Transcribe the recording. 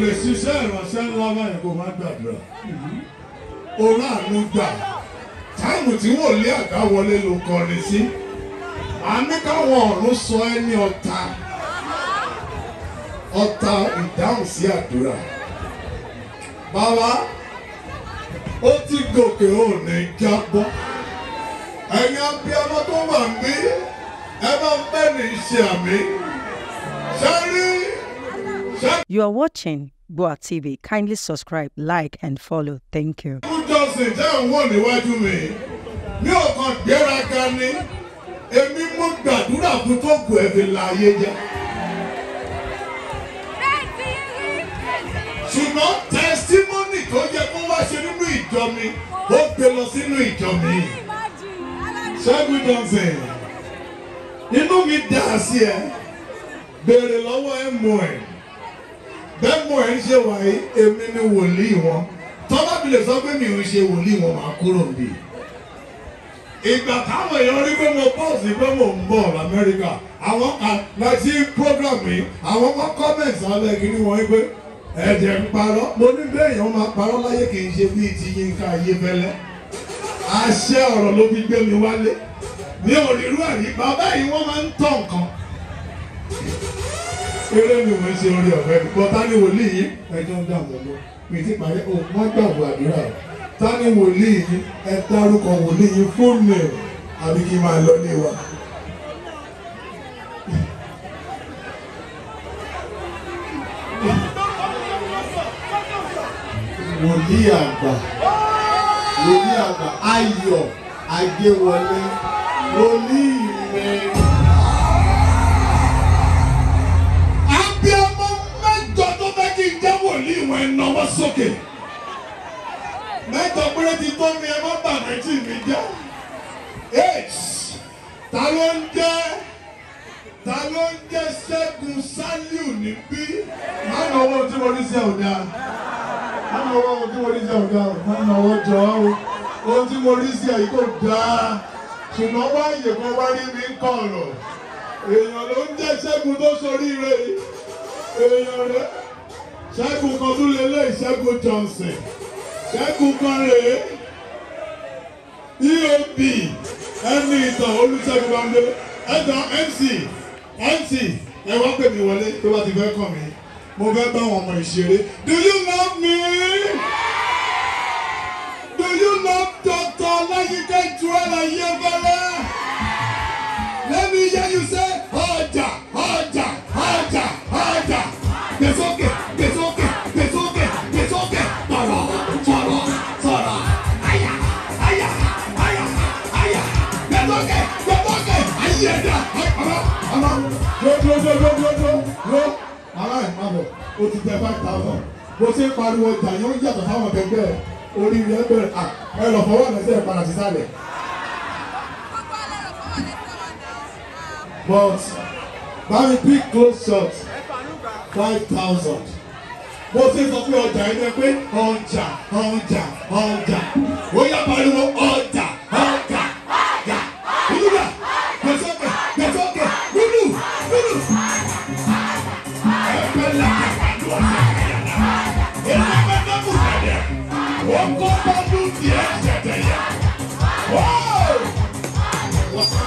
lè ṣiṣẹ́ ìránṣẹ́ ńlá báyìí kó má gbàdúrà òun àánú gbà táìmù tí wọ́n lé àga wọlé ló kọrin sí àmì káwọn ọ̀run sọ ẹ́ ní ọ̀tá ọ̀tá ìdáhùn sí àdúrà bàbá ó ti gòkè ò ní jábọ́ ẹ̀yin abiyamọ tó wà ń bí ẹ bá ń bẹ́ẹ̀ ní ìṣe àmì ṣẹ́rí. You are watching Gboah TV. Kindly subscribe, like, and follow. Thank you. Johnson jẹ́ òun wò níwájú mi. Mi ò kàn gbéraga ni. Èmi mú gbàdúrà fún tó kù ẹ̀mí láàyè jẹ. Ṣùgbọ́n tẹsítímọ́nì tó yẹ kó wá ṣe nínú ìjọ mi, ó gbé lọ sínú ìjọ mi. Ṣẹ́gun Johnson, inú mi dà sí ẹ, béèrè lọ́wọ́ ẹ̀ mú ẹ̀. bẹ́ẹ̀ mọ̀ ẹ́ ń ṣe wàyí èmi ni wòlíì wọn tọ́lá mi lè sọ pé mi ò ṣe wòlíì wọn máa kúrò níbí. ìgbà táwọn èèyàn rí pé mo bọ́ọ̀sì pé mo ń bọ̀ lamẹ́ríkà àwọn yìí àwọn kan comment alẹ́ kí ni wọ́n ẹ̀jẹ̀ ń parọ́ mo ní bẹ́ẹ̀ èèyàn máa parọ́ láyé kì í ṣe bíi ti àṣẹ ọ̀rọ̀ ló fi gbé mi wálé eré mi wọ́n ṣe orí ọ̀fẹ́ bọ́tá ní wòlíì yìí ẹjọ́ ń dààmú lọ mi ti pàdé òun wọ́n gbàgbọ́ àdúrà rẹ̀ tá ní wòlíì yìí ẹ dárúkọ wòlíì yìí fún mi àbí kí n máa lọ ní wa. wòlíì àgbà wòlíì àgbà ayọ̀ ajéwọlé. ìwọ̀n ẹ̀ náwó sókè mẹ́jọ péré ti tó mi ẹ má bà méjì mi jẹ́ eight ta ló ń jẹ́ ta ló ń jẹ́ Ṣẹ́gun Sálíù níbí má nà owó tí mo ní sẹ́ ò dáa má nà owó tí mo ní sẹ́ ò má nà owó jọ ọ́ ohun tí mo rí sí ẹ̀yìn kò dáa ṣùgbọ́n wáyé kan wá rí mi kọ̀ọ̀rọ̀ èèyàn ló ń jẹ́ Ṣẹ́gun tó soríire èèyàn rẹ̀ ṣẹ́gun kan tún lélẹ̀ ìṣẹ́gun Johnson ṣẹ́gun kan rèé eob ẹni ìtàn Olúṣẹ́gun Bámidé ẹ̀dàn MC MC ẹ wá pè mí wọlé tó bá ti fẹ́ kàn mí mo fẹ́ bá àwọn ọmọ ìṣeré do you love me do you love Dr. Ọláyínká Joel Ayéfẹ́lẹ́. yẹ ẹ̀dá àmà àmà lọ́dọ́dọ́dọ́dọ́dọ́ ara ẹ̀ máa bọ̀ o ti tẹ five thousand bó ṣe ń pariwo ìjà yóò yàtọ̀ fáwọn akẹgbẹ́ ẹ̀ orí rẹ̀ bẹ̀rẹ̀ à ẹ lọ fọwọ́ lẹ́sẹ̀ ẹ̀ padà sísàlẹ̀. but bami big close shot five thousand bó ṣe sọ pé ọjà ẹ̀ ní ẹ pé ọjà ọjà ọjà ó yá pariwo ọjà. Wọ́n kọ́ bá dùn sí ẹ̀jẹ̀ dẹ̀yà.